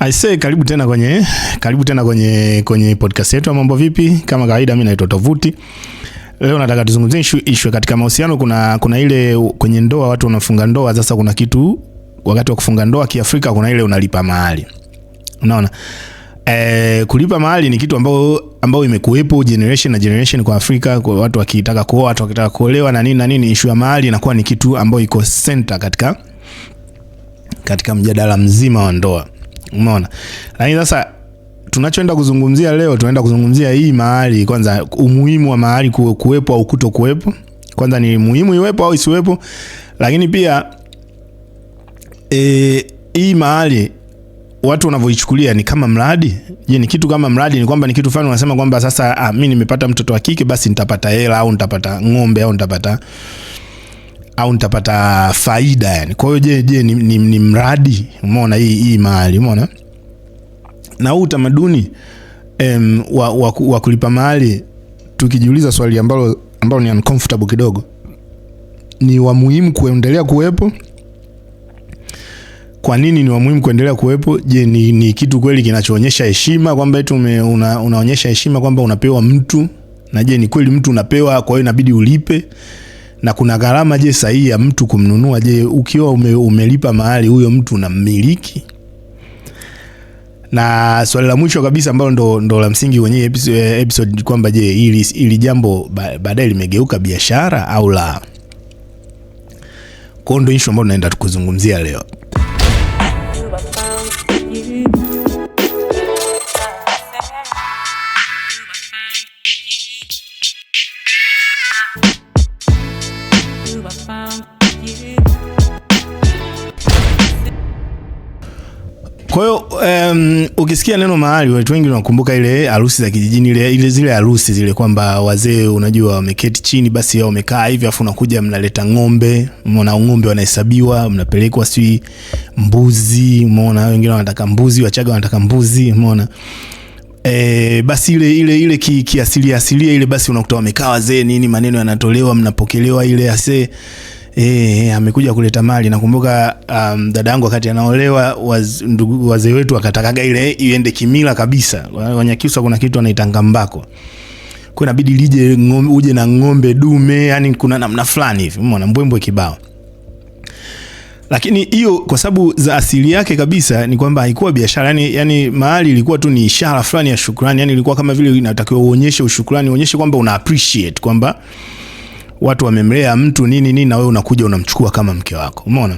Aise, karibu tena kwenye karibu tena kwenye kwenye podcast yetu ya Mambo Vipi. Kama kawaida, mimi naitwa Tovuti. Leo nataka tuzungumzie issue ishu katika mahusiano. Kuna kuna ile kwenye ndoa, watu wanafunga ndoa. Sasa kuna kitu wakati wa kufunga ndoa Kiafrika, kuna ile unalipa mahali, unaona e, kulipa mahali ni kitu ambao ambao imekuwepo generation na generation kwa Afrika, kwa watu wakitaka kuoa, watu wakitaka kuolewa na nini na nini, issue ya mahali inakuwa ni kitu ambao iko center katika katika mjadala mzima wa ndoa. Umeona? Lakini sasa tunachoenda kuzungumzia leo, tunaenda kuzungumzia hii mahali kwanza, umuhimu wa mahali kuwepo au kuto kuwepo. Kwanza ni muhimu iwepo au isiwepo, lakini pia e, hii mahali watu wanavyoichukulia ni kama mradi. Je, ni kitu kama mradi? Ni kwamba ni kitu fulani unasema kwamba sasa, ah, mimi nimepata mtoto wa kike, basi nitapata hela au nitapata ng'ombe au nitapata au nitapata faida yani. Kwa hiyo je, je ni, ni, ni mradi umeona hii hii mahali umeona na huu utamaduni wa, wa, wa kulipa mahali, tukijiuliza swali ambalo, ambalo ni uncomfortable kidogo, ni wa muhimu kuendelea kuwepo. Kwa nini ni wa muhimu kuendelea kuwepo? Je, ni, ni kitu kweli kinachoonyesha heshima kwamba eti una, unaonyesha heshima kwamba unapewa mtu, na je ni kweli mtu unapewa, kwa hiyo inabidi ulipe? na kuna gharama je sahihi ya mtu kumnunua? Je, ukiwa ume, umelipa mahali huyo mtu unammiliki? Na swali la mwisho kabisa ambalo ndo, ndo la msingi kwenye eh, episode, episode kwamba je, ili, ili jambo baadaye limegeuka biashara au la? Kwa hiyo ndo issue ambayo naenda tukuzungumzia leo. Kwa hiyo um, ukisikia neno mahali, watu wengi wanakumbuka ile harusi za kijijini, ile ile zile harusi zile, kwamba wazee unajua wameketi chini, basi wao wamekaa hivi, afu unakuja mnaleta ng'ombe, mbona ng'ombe wanahesabiwa, mnapelekwa si mbuzi, umeona, wengine wanataka mbuzi, Wachaga wanataka mbuzi, umeona. E, basi ile ile ile ki, ki asilia ile, basi unakuta wamekaa wazee nini, maneno yanatolewa, mnapokelewa ile asee Eh, eh, amekuja kuleta mali. Nakumbuka um, dada yangu wakati anaolewa waz, wazee wetu akatakaga ile iende kimila kabisa. Wanyakyusa kuna kitu anaita ngambako. Kwa inabidi lije ngombe, uje na ng'ombe dume, yani kuna namna fulani hivi. Umeona mbwembwe kibao. Lakini hiyo kwa sababu za asili yake kabisa ni kwamba haikuwa biashara, yani yani mahali ilikuwa tu ni ishara fulani ya shukrani, yani ilikuwa kama vile inatakiwa uonyeshe ushukrani, uonyeshe kwamba una appreciate kwamba watu wamemlea mtu nini nini, na wewe unakuja unamchukua kama mke wako, umeona?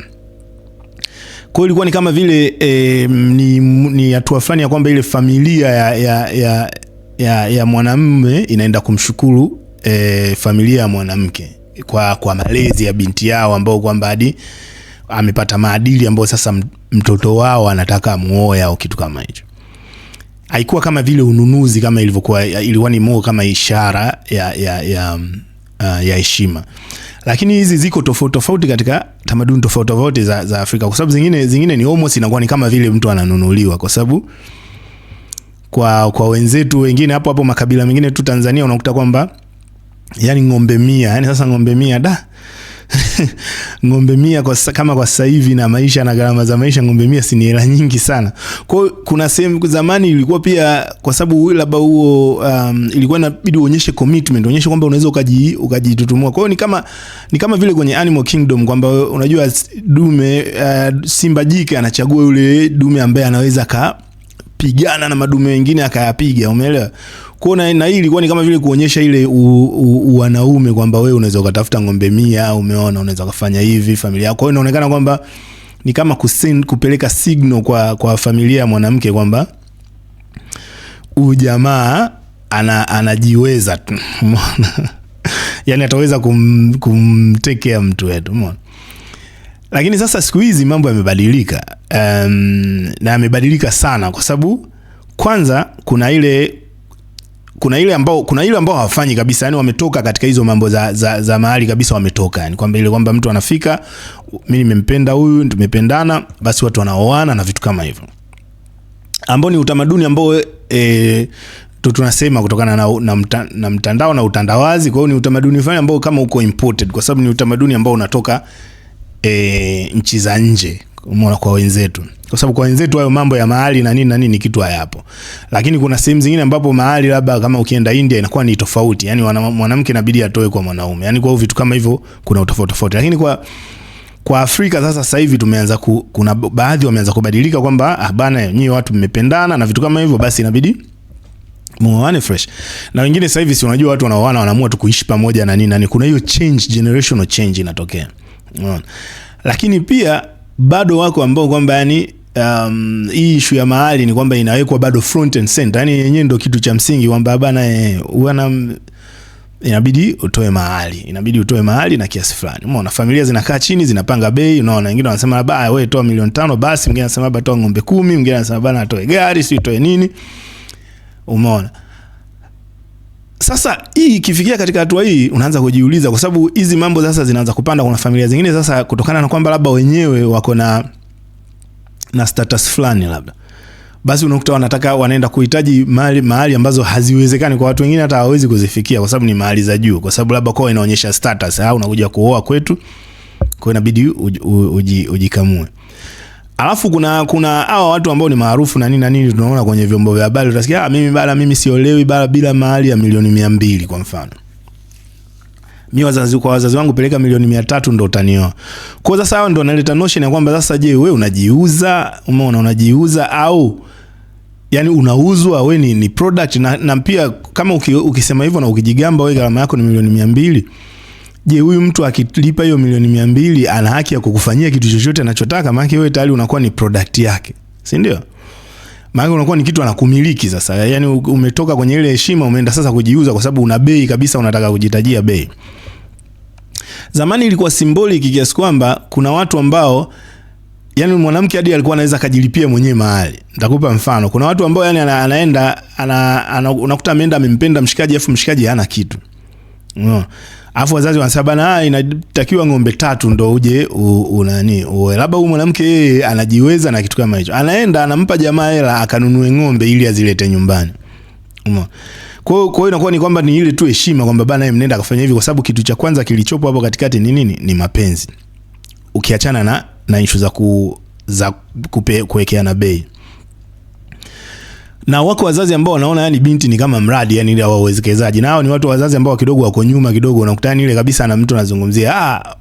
Kwa hiyo ilikuwa ni kama vile e, ni, ni hatua fulani ya kwamba ile familia ya, ya, ya, ya, ya mwanamume inaenda kumshukuru e, familia ya mwanamke kwa, kwa malezi ya binti yao ambao kwamba hadi amepata maadili ambayo sasa mtoto wao anataka muoe au kitu kama hicho. Haikuwa kama vile ununuzi kama ilivyokuwa, ilikuwa ni more kama ishara ya, ya, ya, ya uh, ya heshima. Lakini hizi ziko tofauti tofauti katika tamaduni tofauti tofauti za, za Afrika kwa sababu zingine, zingine ni almost inakuwa ni kama vile mtu ananunuliwa kwa sababu kwa, kwa wenzetu wengine hapo hapo makabila mengine tu Tanzania unakuta kwamba yani ng'ombe mia yani sasa ng'ombe mia da ng'ombe mia kwa sasa, kama kwa sasa hivi na maisha na gharama za maisha, ng'ombe mia si ni hela nyingi sana. Kwa kuna sehemu zamani ilikuwa pia, kwa sababu labda huo um, ilikuwa inabidi uonyeshe commitment, uonyeshe kwamba unaweza ukaji ukajitutumua. Kwa hiyo ni kama ni kama vile kwenye Animal Kingdom kwamba unajua dume uh, simba jike anachagua yule dume ambaye anaweza ka pigana na madume wengine akayapiga, umeelewa? Kuona na hii ilikuwa ni kama vile kuonyesha ile wanaume kwamba wewe unaweza ukatafuta ng'ombe mia, umeona, unaweza kufanya hivi familia yako. Kwa hiyo inaonekana kwamba ni kama kusin, kupeleka signal kwa, kwa familia ya mwanamke kwamba ujamaa ana, anajiweza tu umeona, yani ataweza kumtekea kum, mtu wetu umeona. Lakini sasa siku hizi mambo yamebadilika, um, na yamebadilika sana kwa sababu kwanza kuna ile kuna ile ambao kuna ile ambao hawafanyi kabisa, yani wametoka katika hizo mambo za, za, za mahali kabisa wametoka, yani kwamba ile kwamba mtu anafika, mimi nimempenda huyu, tumependana, basi watu wanaoana na vitu kama hivyo, ambao ni utamaduni ambao e, tunasema kutokana na, na, mta, na mtandao na utandawazi. Kwa hiyo ni utamaduni fulani ambao kama uko imported, kwa sababu ni utamaduni ambao unatoka e, nchi za nje umeona, kwa wenzetu, kwa sababu kwa wenzetu hayo mambo ya mahali na nini na nini kitu hayapo, lakini kuna sehemu zingine ambapo mahali labda kama ukienda India inakuwa ni tofauti, yani mwanamke inabidi atoe kwa mwanaume, yani kwa hiyo vitu kama hivyo kuna utofauti tofauti, lakini kwa kwa Afrika sasa, sasa hivi tumeanza ku, kuna baadhi wameanza kubadilika kwamba ah, bana nyie watu mmependana na vitu kama hivyo, basi inabidi muoane fresh. Na wengine sasa hivi si unajua watu wanaoana wanaamua tu kuishi pamoja na nini na nini, kuna hiyo change, generational change inatokea, unaona. Lakini pia bado wako ambao kwamba yani Um, hii ishu ya mahali ni kwamba inawekwa bado front and center, yani yenyewe ndo kitu cha msingi kwamba bana eh, wana inabidi utoe mahali, inabidi utoe mahali na kiasi fulani. Umeona, familia zinakaa chini zinapanga bei, unaona, wengine wanasema labda ah, wewe toa milioni tano basi, mwingine anasema labda toa ng'ombe kumi, mwingine anasema bana atoe gari, si toe nini, umeona sasa hii ikifikia katika hatua hii, unaanza kujiuliza, kwa sababu hizi mambo sasa zinaanza kupanda. Kuna familia zingine sasa, kutokana na kwamba labda wenyewe wako na na status fulani, labda basi unakuta wanataka wanaenda kuhitaji mali mahali ambazo haziwezekani kwa watu wengine, hata hawawezi kuzifikia kwa sababu ni mahali za juu, kwa sababu labda kwao inaonyesha status, au unakuja kuoa kwetu, kwa inabidi ujikamue uji, uji Alafu kuna kuna hawa watu ambao ni maarufu na nini na nini, tunaona kwenye vyombo vya habari, utasikia ah, mimi bala mimi siolewi bala bila mahali ya milioni mia mbili kwa mfano mimi wazazi kwa wazazi wangu peleka milioni mia tatu ndo utanioa. Kwa sasa hao ndo wanaleta notion ya kwamba sasa, je, wewe unajiuza? Umeona, unajiuza au yani unauzwa wewe ni, ni product na, na pia kama uki, ukisema hivyo na ukijigamba wewe gharama yako ni milioni mia mbili Je, huyu mtu akilipa hiyo milioni mia mbili ana haki ya kukufanyia kitu chochote anachotaka? Maana wewe tayari unakuwa ni product yake, si ndio? Maana unakuwa ni kitu anakumiliki sasa. Yaani umetoka kwenye ile heshima umeenda sasa kujiuza kwa sababu una bei kabisa, unataka kujitajia bei. Zamani ilikuwa symbolic kiasi kwamba kuna watu ambao yani mwanamke hadi alikuwa anaweza akajilipia mwenyewe mahali. Nitakupa mfano. Kuna watu ambao yani anaenda ana, ana, unakuta ameenda amempenda mshikaji afu mshikaji hana kitu. Unaona? Afu wazazi wanasema bana, ah, inatakiwa ng'ombe tatu ndo uje unani uwe. Labda huyu mwanamke yeye anajiweza na kitu kama hicho, anaenda anampa jamaa hela akanunue ng'ombe ili azilete nyumbani. Umo. Kwa hiyo inakuwa ni kwamba ni ile tu heshima kwamba bana, mnenda akafanya hivi, kwa sababu kitu cha kwanza kilichopo hapo katikati ni nini? Ni mapenzi, ukiachana na na issue za ku za kupekeana bei na wako wazazi ambao wanaona yani binti ni kama mradi yani ile wawezekezaji, na hao ni watu wazazi ambao kidogo wako nyuma kidogo, unakutana ile kabisa na mtu anazungumzia ah,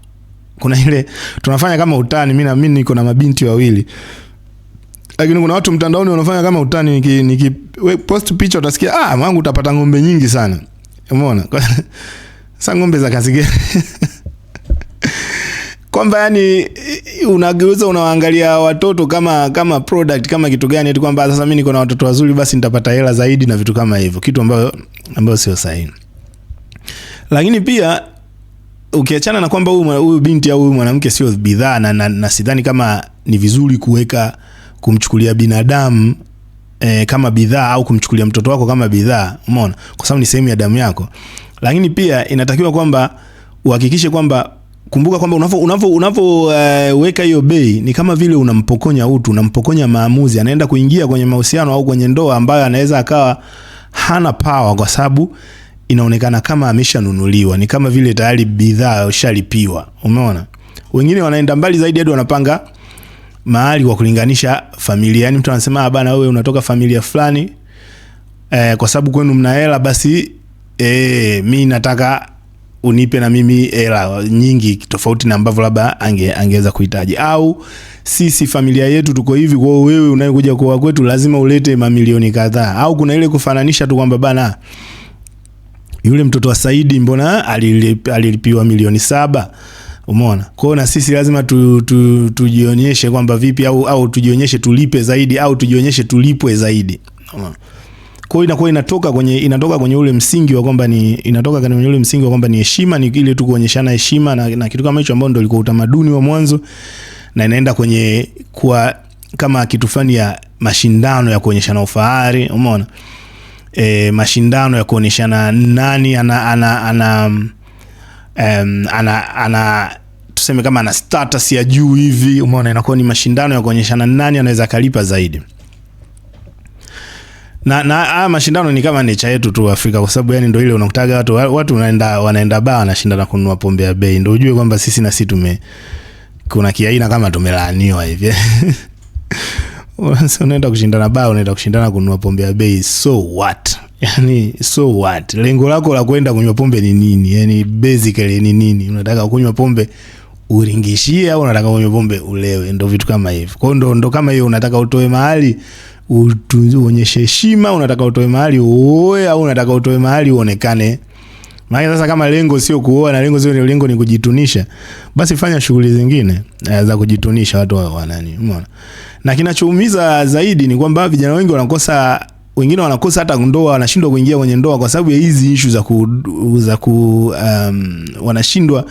kuna ile tunafanya kama utani. Mimi na mimi niko na mabinti wawili, lakini kuna watu mtandaoni wanafanya kama utani, niki, niki we, post picha utasikia ah, mwangu utapata ng'ombe nyingi sana, umeona sasa ng'ombe za kasigeni kwamba yani unageuza unawaangalia watoto kama kama product kama kitu gani, eti kwamba sasa mimi niko na watoto wazuri, basi nitapata hela zaidi na vitu kama hivyo, kitu ambayo ambayo sio sahihi. Lakini pia ukiachana na kwamba huyu huyu binti au huyu mwanamke sio bidhaa na, na, na sidhani kama ni vizuri kuweka kumchukulia binadamu eh, kama bidhaa au kumchukulia mtoto wako kama bidhaa, umeona, kwa sababu ni sehemu ya damu yako. Lakini pia inatakiwa kwamba uhakikishe kwamba kumbuka kwamba unavyo unavyo unavyoweka eh, uh, hiyo bei ni kama vile unampokonya utu, unampokonya maamuzi. Anaenda kuingia kwenye mahusiano au kwenye ndoa ambayo anaweza akawa hana power, kwa sababu inaonekana kama ameshanunuliwa, ni kama vile tayari bidhaa ushalipiwa. Umeona, wengine wanaenda mbali zaidi hadi wanapanga mahali kwa kulinganisha familia, yani mtu anasema ah, bana, wewe unatoka familia fulani eh, kwa sababu kwenu mna hela, basi eh, mi nataka unipe na mimi hela nyingi tofauti na ambavyo labda ange, angeweza kuhitaji, au sisi familia yetu tuko hivi, kwa wewe unayekuja kwa kwetu lazima ulete mamilioni kadhaa, au kuna ile kufananisha tu kwamba bana yule mtoto wa Saidi mbona alilipiwa milioni saba? Umeona, kwa na sisi lazima tu, tu, tujionyeshe kwamba vipi, au, au tujionyeshe tulipe zaidi, au tujionyeshe tulipwe zaidi. Umeona. Kwa hiyo inakuwa inatoka kwenye inatoka kwenye ule msingi wa kwamba ni inatoka kwenye ule msingi wa kwamba ni heshima, ni ile tu kuonyeshana heshima na, na kitu kama hicho ambao ndio ulikuwa utamaduni wa mwanzo, na inaenda kwenye kwa kama kitu fulani ya mashindano ya kuonyeshana ufahari, umeona e, mashindano ya kuonyeshana nani ana ana ana um, ana, ana tuseme kama ana status ya juu hivi, umeona, inakuwa ni mashindano ya kuonyeshana nani anaweza kalipa zaidi na na haya mashindano ni kama nature yetu tu Afrika, kwa sababu yani ndio ile unakutaga watu watu wanaenda wanaenda baa wanashindana kununua pombe ya bei, ndio ujue kwamba sisi na sisi tume kuna kiaina kama tumelaaniwa hivi unaenda kushindana baa, unaenda kushindana kununua pombe ya bei, so what? Yani so what, lengo lako la kwenda kunywa pombe ni nini? Yani basically ni nini? Unataka kunywa pombe uringishie au unataka kunywa pombe ulewe? ndio vitu kama hivyo. Kwa hiyo ndo kama hiyo, unataka utoe mahali uonyeshe heshima, unataka utoe mahali uoe au unataka utoe mahali uonekane. Maana sasa kama lengo sio kuoa na lengo sio lengo ni kujitunisha, basi fanya shughuli zingine eh, za kujitunisha watu wa nani, umeona. Na kinachoumiza zaidi ni kwamba vijana wengi wanakosa wengine wanakosa hata ndoa, wanashindwa kuingia kwenye ndoa kwa sababu ya hizi ishu za ku, za ku um, wanashindwa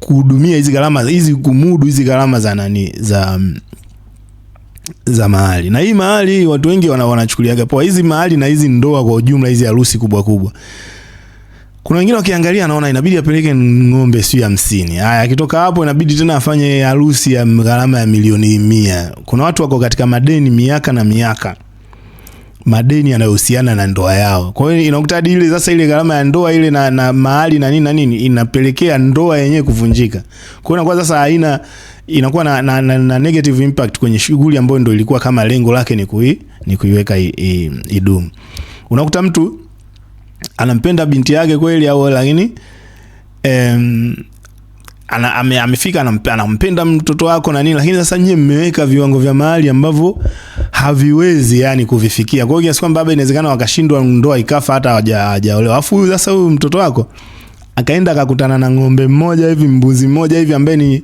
kuhudumia hizi gharama hizi, kumudu hizi gharama za nani za za mahali. Na hii mahali watu wengi wanachukuliaga poa. Hizi mahali na hizi ndoa kwa ujumla, hizi harusi kubwa kubwa. Kuna wengine wakiangalia, anaona inabidi apeleke ng'ombe sio hamsini. Haya, akitoka hapo inabidi tena afanye harusi ya gharama ya milioni mia. Kuna watu wako katika madeni miaka na miaka, madeni yanayohusiana na ndoa yao. Kwa hiyo inakuta hadi ile sasa ile gharama ya ndoa ile na, na mahali na nini na nini inapelekea ndoa yenyewe kuvunjika. Kwa hiyo inakuwa sasa haina inakuwa na, na, na, na negative impact kwenye shughuli ambayo ndo ilikuwa kama lengo lake ni kui, ni kuiweka idumu. Unakuta mtu anampenda binti yake kweli au lakini em, ana, ame, amefika anampenda mtoto wako na nini, lakini sasa nyie mmeweka viwango vya mahali ambavyo haviwezi yani kuvifikia. Kwa hiyo kiasi kwamba baba, inawezekana wakashindwa ndoa ikafa hata hawajaolewa. Alafu huyu sasa huyu mtoto wako akaenda akakutana na ng'ombe mmoja hivi mbuzi mmoja hivi ambaye ni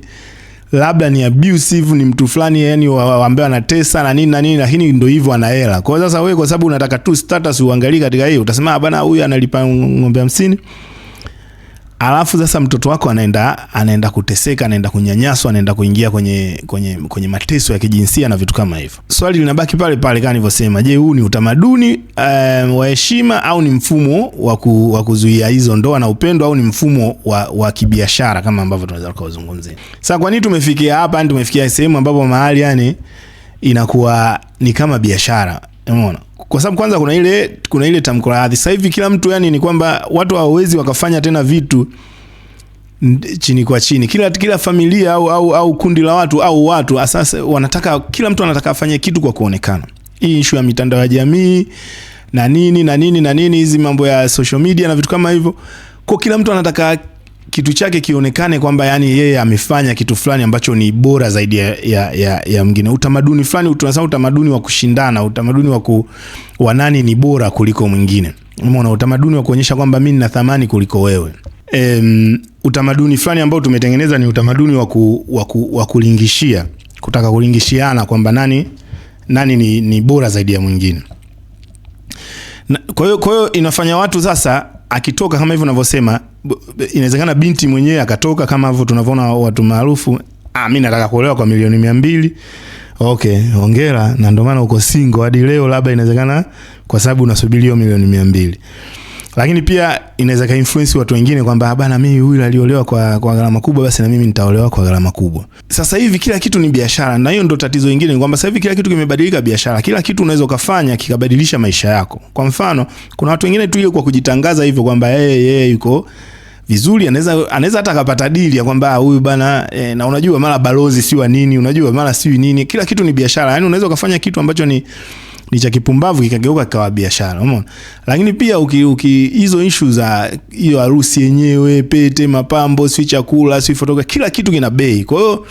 labda ni abusive, ni mtu fulani yani ambaye anatesa na nini na nini, lakini ndio hivyo ana hela. Kwa hiyo sasa wewe kwa sababu unataka tu status uangalie katika hiyo, utasema ah, bana, huyu analipa ng'ombe hamsini alafu sasa mtoto wako anaenda anaenda kuteseka, anaenda kunyanyaswa, anaenda kuingia kwenye, kwenye, kwenye mateso ya kijinsia na vitu kama hivyo. Swali linabaki pale pale kama nilivyosema. Je, huu ni utamaduni um, wa heshima au ni mfumo wa kuzuia hizo ndoa na upendo au ni mfumo wa, wa kibiashara kama ambavyo tunaweza kuzungumzia sasa? Kwa nini tumefikia hapa? Yani tumefikia sehemu ambapo mahali yani inakuwa ni kama biashara, umeona kwa sababu kwanza kuna ile kuna ile tamko la hadhi. Sasa hivi kila mtu yani ni kwamba watu hawawezi wakafanya tena vitu chini kwa chini. Kila kila familia au au, au kundi la watu au watu asasa wanataka kila mtu anataka afanye kitu kwa kuonekana. Hii issue ya mitandao ya jamii na nini na nini na nini, hizi mambo ya social media na vitu kama hivyo, kwa kila mtu anataka kitu chake kionekane kwamba yani yeye amefanya kitu fulani ambacho ni bora zaidi ya, ya, ya, ya mwingine. Utamaduni fulani tunasema utamaduni wa kushindana, utamaduni wa ku, wa nani ni bora kuliko mwingine. Umeona, utamaduni wa kuonyesha kwamba mimi nina thamani kuliko wewe. Um, utamaduni fulani ambao tumetengeneza ni utamaduni wa ku, wa ku, wa kulingishia, kutaka kulingishiana kwamba nani nani ni, ni bora zaidi ya mwingine. Kwa hiyo kwa hiyo inafanya watu sasa akitoka kama hivyo unavyosema, inawezekana binti mwenyewe akatoka kama hivyo tunavyoona watu maarufu, ah, mimi nataka kuolewa kwa milioni mia mbili. Okay, hongera, na ndio maana uko single hadi leo, labda inawezekana kwa sababu unasubiri hiyo milioni mia mbili lakini pia inaweza ka influence watu wengine kwamba ah, bana, mimi huyu aliolewa kwa, kwa gharama kubwa, basi na mimi nitaolewa kwa gharama kubwa. Sasa hivi kila kitu ni biashara, na hiyo ndio tatizo lingine, ni kwamba sasa hivi kila kitu kimebadilika biashara. Kila kitu unaweza ukafanya kikabadilisha maisha yako. Kwa mfano, kuna watu wengine tu ile kwa kujitangaza hivyo kwamba yeye hey, hey, yuko vizuri anaweza anaweza hata akapata dili ya kwamba ah, huyu bana e, na unajua mara balozi si wa nini, unajua mara si nini. Kila kitu ni biashara, yani unaweza ukafanya kitu ambacho ni ni cha kipumbavu kikageuka kikawa biashara, umeona. Lakini pia uki, uki hizo issue za hiyo harusi yenyewe, pete, mapambo, si chakula, si fotoka, kila kitu kina bei. Kwa hiyo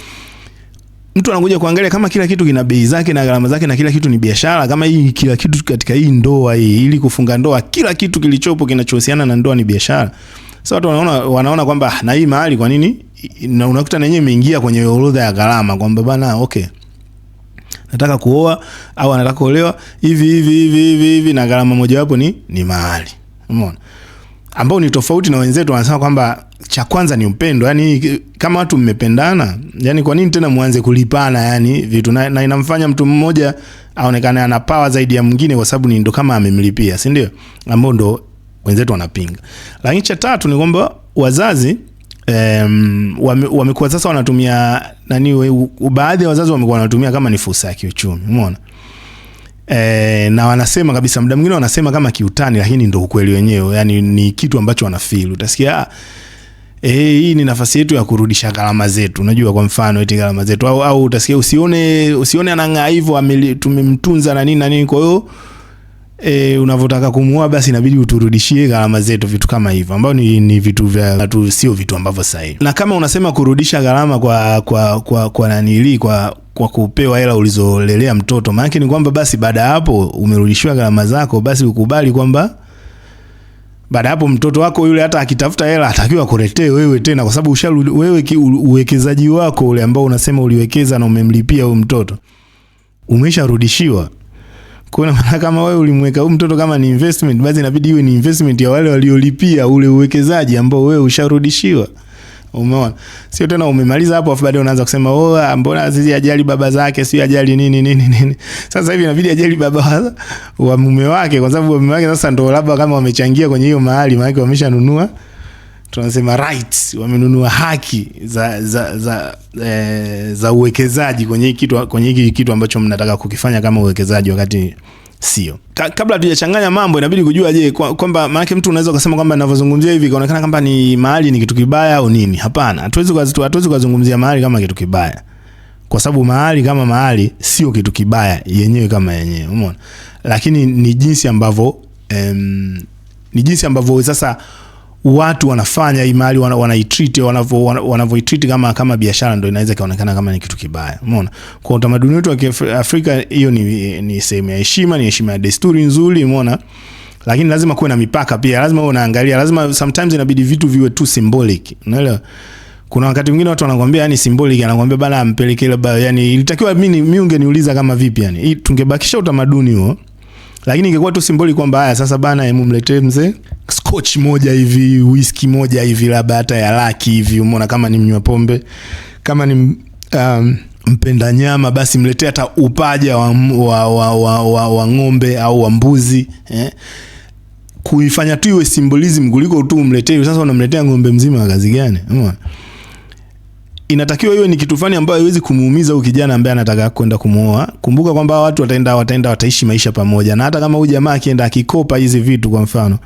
mtu anakuja kuangalia kama kila kitu kina bei zake na gharama zake na kila kitu ni biashara, kama hii kila kitu katika hii ndoa hii, ili kufunga ndoa, kila kitu kilichopo kinachohusiana na ndoa ni biashara. Sasa watu wanaona wanaona kwamba ah, na hii mahali kwa nini, na unakuta na yenyewe imeingia kwenye orodha ya gharama kwamba bana, okay nataka kuoa au anataka kuolewa hivi hivi hivi hivi hivi, na gharama mojawapo ni ni mahali, umeona, ambao ni tofauti na wenzetu. Wanasema kwamba cha kwanza ni upendo, yani kama watu mmependana, yani kwa nini tena mwanze kulipana yani vitu na, na inamfanya mtu mmoja aonekane ana power zaidi ya mwingine, kwa sababu ni ndo kama amemlipia, si ndio? Ambao ndo wenzetu wanapinga. Lakini cha tatu ni kwamba wazazi Um, wamekuwa wame sasa wanatumia nani, baadhi ya wazazi wamekuwa wanatumia kama ni fursa ya kiuchumi, umeona e, na wanasema kabisa, muda mwingine wanasema kama kiutani, lakini ndio ukweli wenyewe, yani ni kitu ambacho wanafeel. Utasikia e, hii ni nafasi yetu ya kurudisha gharama zetu, unajua, kwa mfano eti gharama zetu, au, au utasikia usione, usione anang'aa hivyo, tumemtunza na nini na nini, kwa hiyo e, unavyotaka kumuoa basi inabidi uturudishie gharama zetu, vitu kama hivyo ambao ni, ni vitu vya tu, sio vitu ambavyo sahihi. Na kama unasema kurudisha gharama kwa kwa kwa kwa nanili kwa kwa kupewa hela ulizolelea mtoto, maana ni kwamba basi baada ya hapo umerudishiwa gharama zako, basi ukubali kwamba baada hapo mtoto wako yule hata akitafuta hela atakiwa kuletee wewe tena, kwa sababu usha wewe uwekezaji wako ule ambao unasema uliwekeza na umemlipia huyo mtoto umesharudishiwa. Kwa maana kama wewe ulimweka huyu mtoto kama ni investment, basi inabidi iwe ni investment ya wale waliolipia ule uwekezaji ambao wewe usharudishiwa. Umeona? Sio tena umemaliza hapo afu baadaye unaanza kusema oh, ah, mbona sisi ajali baba zake, sio ajali nini nini nini. Sasa hivi inabidi ajali baba wa mume wake, kwa sababu mume wake sasa ndio labda kama wamechangia kwenye hiyo mahali, maana wameshanunua tunasema rights, wamenunua haki za za za, e, za uwekezaji kwenye kitu kwenye hiki kitu ambacho mnataka kukifanya kama uwekezaji, wakati sio. Ka, kabla tujachanganya mambo, inabidi kujua, je, kwamba kwa maana mtu unaweza kusema kwamba ninavyozungumzia hivi kaonekana kwamba ni mahali ni kitu kibaya au nini? Hapana, hatuwezi hatuwezi kuzungumzia mahali kama kitu kibaya, kwa sababu mahali kama mahali sio kitu kibaya yenyewe kama yenyewe, umeona, lakini ni jinsi ambavyo em, ni jinsi ambavyo sasa watu wanafanya hii mali wanaitreat wanavyo wanavyoitreat kama kama biashara, ndio inaweza kaonekana kama ni kitu kibaya. Umeona, kwa utamaduni wetu wa Afrika hiyo ni, ni sehemu ya heshima, ni heshima ya desturi nzuri. Umeona, lakini lazima kuwe na mipaka pia, lazima uwe unaangalia, lazima sometimes inabidi vitu viwe tu symbolic, unaelewa kuna wakati mwingine watu wanakwambia yani symbolic, anakwambia bana, ampeleke ile bayo. yani ilitakiwa mimi mimi ungeniuliza kama vipi, yani tungebakisha utamaduni huo, lakini ingekuwa tu symbolic kwamba haya sasa bana, mletee mzee scotch moja hivi, whisky moja hivi, labda hata ya laki hivi, umeona. Kama ni mnywa pombe, kama ni um, mpenda nyama, basi mletee hata upaja wa, wa, wa, wa, wa, wa ng'ombe au wa mbuzi eh? Kuifanya tu iwe symbolism kuliko tu umletee. Sasa unamletea ng'ombe mzima wa kazi gani? Inatakiwa hiyo ni kitu fani ambayo haiwezi kumuumiza huyu kijana ambaye anataka kwenda kumuoa. Kumbuka kwamba watu wataenda wataenda wataishi maisha pamoja, na hata kama huyu jamaa akienda akikopa hizi vitu, kwa mfano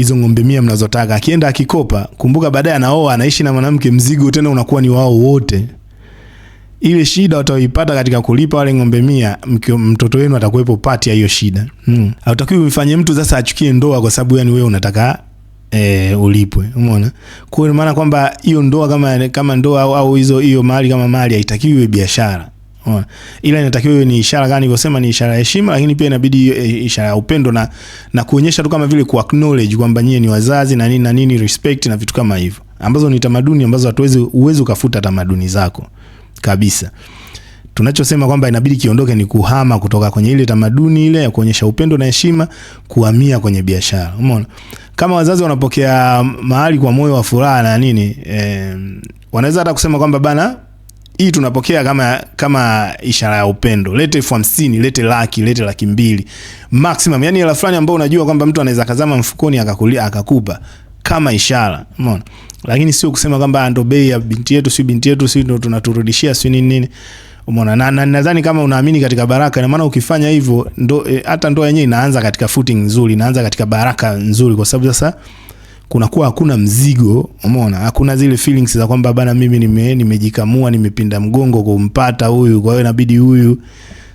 hizo ng'ombe mia mnazotaka. Akienda akikopa, kumbuka baadaye anaoa, anaishi na mwanamke, mzigo tena unakuwa ni wao wote. Ile shida utaoipata katika kulipa wale ng'ombe mia, mtoto wenu atakuwepo pati ya hiyo shida. Hmm. Hautakiwi umfanye mtu sasa achukie ndoa kwa sababu yani wewe unataka E, ulipwe. Umeona? Kwa maana kwamba hiyo ndoa kama kama ndoa au hizo hiyo mali kama mali haitakiwi iwe biashara ila inatakiwa hiyo ni ishara gani? Kusema ni ishara ya heshima, lakini pia inabidi hiyo eh, ishara ya upendo na na kuonyesha tu kama vile ku acknowledge kwamba nyie ni wazazi na nini na nini, respect na vitu kama hivyo, ambazo ni tamaduni ambazo hatuwezi uwezo ukafuta tamaduni zako kabisa. Tunachosema kwamba inabidi kiondoke ni kuhama kutoka kwenye ile tamaduni ile ya kuonyesha upendo na heshima, kuhamia kwenye biashara. Umeona, kama wazazi wanapokea mahali kwa moyo wa furaha na nini, eh, wanaweza hata kusema kwamba bana hii tunapokea kama kama ishara ya upendo. Lete elfu hamsini, lete laki, lete laki mbili maximum, yani hela fulani ambayo unajua kwamba mtu anaweza kazama mfukoni akakulia akakupa kama ishara, umeona. Lakini sio kusema kwamba ah, ndo bei ya binti yetu, si binti yetu, si ndo tunaturudishia, si nini nini, umeona. Na nadhani na, kama unaamini katika baraka, ina maana ukifanya hivyo ndo eh, hata e, ndoa yenyewe inaanza katika footing nzuri, inaanza katika baraka nzuri, kwa sababu sasa kunakuwa hakuna mzigo, umeona, hakuna zile feelings za kwamba bana, mimi nime nimejikamua nimepinda mgongo kumpata huyu, kwa hiyo inabidi huyu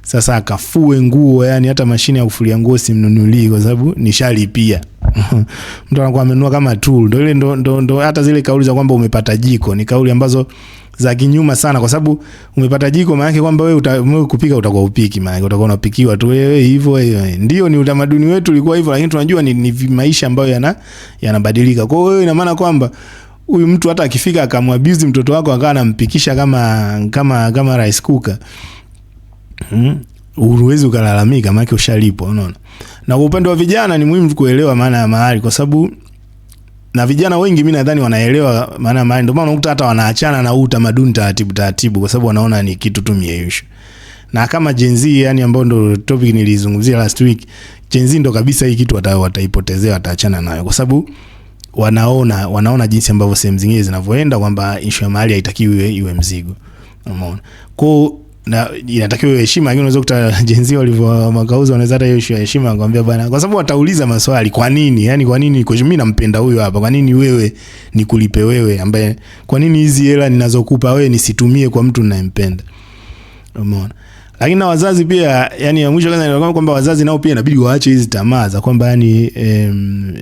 sasa akafue nguo. Yani hata mashine ya kufulia nguo simnunulii kwa sababu nishalipia. mtu anakuwa amenunua kama tool. ndo ile ndo, ndo, ndo hata zile kauli za kwamba umepata jiko ni kauli ambazo za kinyuma sana, kwa sababu umepata jiko, maana yake kwamba wewe kupika utakuwa upiki, maana yake utakuwa unapikiwa tu wewe hivyo. Ndio ni utamaduni wetu ulikuwa hivyo, lakini tunajua ni, ni maisha ambayo yana yanabadilika. Kwa hiyo ina maana kwamba huyu mtu hata akifika akamwabizi mtoto wako akawa anampikisha kama kama kama rice cooker hmm. Uruwezi ukalalamika, maana yake ushalipwa, unaona. Na upande wa vijana ni muhimu kuelewa maana ya mahari, kwa sababu na vijana wengi mi nadhani wanaelewa maana maana, ndio maana unakuta hata wanaachana na huu utamaduni taratibu taratibu, kwa sababu wanaona ni kitu tu mieyusho. Na kama Gen Z, yani ambao ndo topic nilizungumzia last week, Gen Z ndo kabisa hii kitu wata, wataipotezea wataachana nayo, kwa sababu wanaona wanaona jinsi ambavyo sehemu zingine zinavyoenda kwamba issue ya mahali haitakiwi iwe mzigo, umeona kwao na inatakiwa heshima, lakini unaweza kuta jenzi walivyo makauzo, wanaweza hata hiyo heshima, nakwambia bwana, kwa sababu watauliza maswali, kwa nini? Yani kwa nini kwa mimi nampenda huyo hapa, kwa nini wewe nikulipe wewe, ambaye kwa nini hizi hela ninazokupa wewe nisitumie kwa mtu ninayempenda? Umeona? Lakini na wazazi pia, yani ya mwisho kwanza nilikuwa kwamba wazazi nao pia inabidi waache hizi tamaa za kwamba yani em,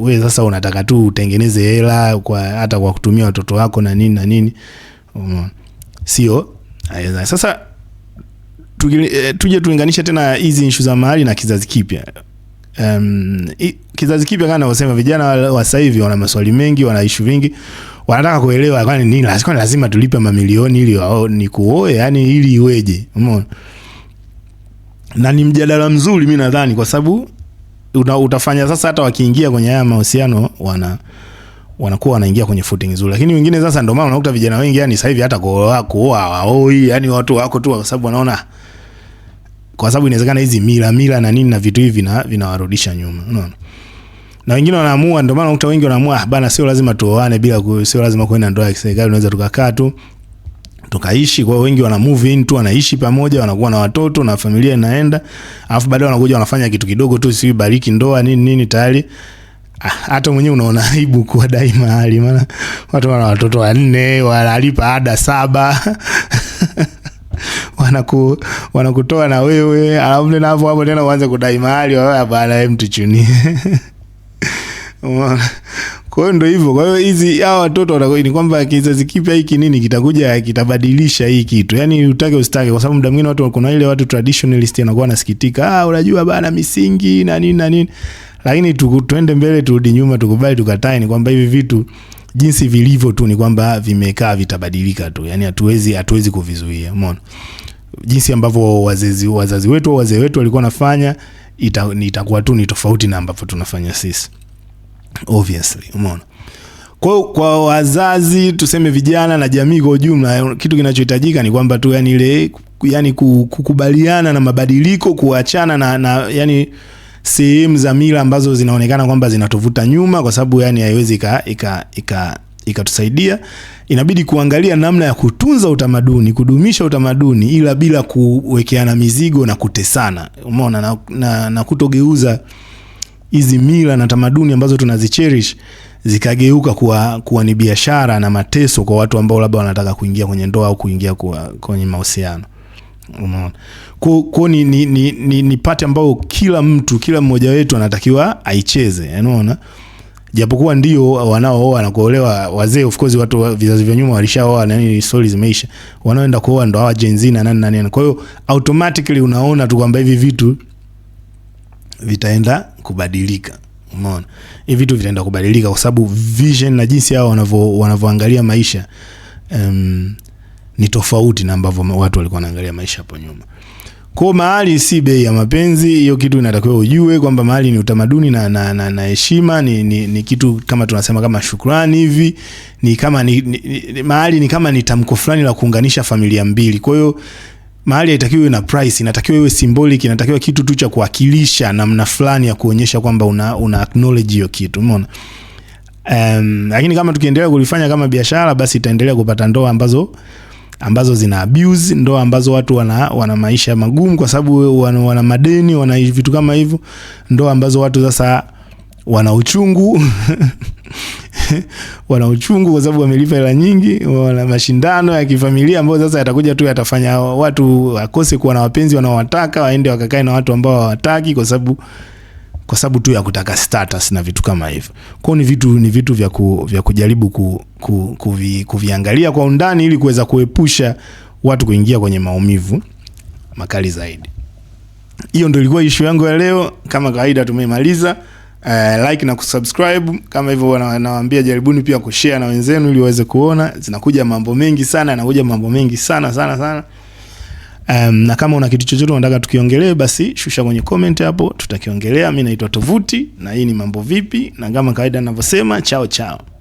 we sasa unataka tu utengeneze hela kwa hata kwa kutumia watoto wako na nini na nini. Umeona? Sio? Sasa tuje, eh, tuje tulinganishe tena hizi issue za mahali na kizazi kipya. Um, kizazi kipya kana navyosema, vijana wa sasa wana maswali mengi, wana issue vingi, wanataka kuelewa kwani nini, kwani lazima tulipe mamilioni ili wao ni kuoe, yani ili iweje? Umeona, na ni mjadala mzuri, mimi nadhani, kwa sababu una, utafanya sasa hata wakiingia kwenye haya mahusiano wana wanakuwa wanaingia kwenye footing nzuri, lakini wengine sasa, ndio maana unakuta vijana wengi yani sasa hivi hata kuoa kuoa hawaoi, yani watu wako tu, kwa sababu wanaona kwa sababu inawezekana hizi mila mila na nini na vitu hivi vina vinawarudisha nyuma, unaona. Na wengine wanaamua, ndio maana ukuta wengi wanaamua, ah bana, sio lazima tuoane bila sio lazima kwenda ndoa ya kiserikali, unaweza tukakaa tu tukaishi. Kwa hiyo wengi wana move in tu, wanaishi pamoja, wanakuwa na watoto na familia inaenda, alafu baadaye wanakuja wanafanya kitu kidogo tu, si bariki ndoa nini nini, tayari ah, hata mwenyewe unaona aibu kuwa dai mahali, maana watu wana watoto wanne wanalipa ada saba wanaku wanakutoa na wewe, alafu tena hapo hapo tena uanze kudai mahali wewe, bwana hem, tuchunie Kwa hiyo ndio hivyo. Kwa hiyo hizi hawa watoto ni kwamba kizazi kipya hiki nini kitakuja kitabadilisha hii kitu. yani utake usitake kwa sababu muda mwingine watu kuna ile watu traditionalist anakuwa anasikitika, ah, unajua bana misingi na nini na nini. Lakini tuende mbele turudi nyuma tukubali tukatae ni kwamba hivi vitu jinsi vilivyo tu ni kwamba vimekaa vitabadilika tu, yani hatuwezi hatuwezi kuvizuia. Umeona jinsi ambavyo wazazi wazazi wetu au wazee wetu walikuwa wanafanya ita, itakuwa tu ni tofauti na ambavyo tunafanya sisi obviously, umeona. Kwa kwa wazazi tuseme, vijana na jamii kwa ujumla, kitu kinachohitajika ni kwamba tu yani ile yani kukubaliana na mabadiliko, kuachana na, na yani sehemu za mila ambazo zinaonekana kwamba zinatuvuta nyuma, kwa sababu yani haiwezi ika, ika, ika ikatusaidia inabidi kuangalia namna ya kutunza utamaduni, kudumisha utamaduni, ila bila kuwekeana mizigo na kutesana, umeona na, na, na kutogeuza hizi mila na tamaduni ambazo tunazicherish zikageuka kuwa, kuwa ni biashara na mateso kwa watu ambao labda wanataka kuingia kwenye ndoa au kuingia kwenye mahusiano. Umeona, ko ko ni, ni, ni, ni, ni pati ambayo kila mtu kila mmoja wetu anatakiwa aicheze, unaona japokuwa ndio wanaooa na kuolewa wazee, of course, watu vizazi vya nyuma walishaoa na nini, stories zimeisha. Wanaoenda kuoa ndo hawa Gen Z na nani na nani. Kwa hiyo automatically unaona tu kwamba hivi vitu vitaenda kubadilika, umeona, hivi vitu vitaenda kubadilika kwa sababu vision na jinsi hao wanavyo wanavyoangalia maisha um, ni tofauti na ambavyo watu walikuwa wanaangalia maisha hapo nyuma. Kwa mahali si bei ya mapenzi, hiyo kitu inatakiwa ujue kwamba mahali ni utamaduni na na, na, na heshima ni, ni, ni kitu kama tunasema kama shukrani hivi, ni kama ni, ni, ni mahali ni kama ni tamko fulani la kuunganisha familia mbili. Kwa hiyo mahali haitakiwi iwe na price, inatakiwa iwe symbolic, inatakiwa kitu tu cha kuwakilisha namna fulani ya kuonyesha kwamba una, una acknowledge hiyo kitu, umeona? Um, lakini kama tukiendelea kulifanya kama biashara, basi itaendelea kupata ndoa ambazo ambazo zina abuse, ndo ambazo watu wana, wana maisha magumu kwa sababu wana, wana madeni wana vitu kama hivyo, ndo ambazo watu sasa wana uchungu wana uchungu kwa sababu wamelipa hela nyingi. Wana mashindano ya kifamilia ambayo sasa yatakuja tu yatafanya watu wakose kuwa na wapenzi wanaowataka, waende wakakae na watu ambao hawataki, kwa sababu kwa sababu tu ya kutaka status na vitu kama hivyo. Kwao ni vitu, ni vitu vya, ku, vya kujaribu ku, ku, kuvi, kuviangalia kwa undani ili kuweza kuepusha watu kuingia kwenye maumivu makali zaidi. Hiyo ndio ilikuwa issue yangu ya leo. Kama kawaida tumemaliza. Uh, like na kusubscribe kama hivyo, nawaambia jaribuni pia kushare na wenzenu ili waweze kuona. Zinakuja mambo mengi sana, yanakuja mambo mengi sana sana sana. Um, na kama una kitu chochote unataka tukiongelee, basi shusha kwenye comment hapo, tutakiongelea. Mimi naitwa Tovuti na hii ni Mambo Vipi, na kama kawaida ninavyosema, chao chao.